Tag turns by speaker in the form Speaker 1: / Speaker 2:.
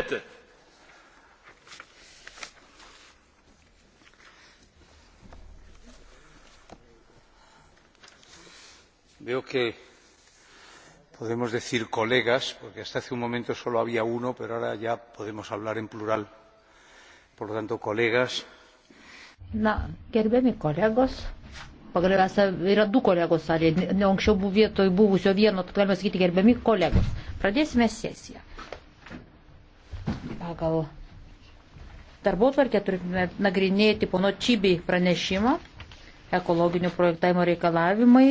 Speaker 1: Bitte. Veo que podemos decir colegas, porque hasta hace un momento solo había uno, pero ahora ya podemos hablar en plural. Por lo tanto, colegas.
Speaker 2: Na, gerbiami kolegos,
Speaker 3: pagaliau yra du kolegos salėje, ne anksčiau vietoj buvusio vieno, tad galima sakyti gerbiami kolegos. Pradėsime sesiją. Pagal darbo tvarkę turime nagrinėti pono Čybį pranešimą ekologinių
Speaker 4: projektavimo reikalavimai.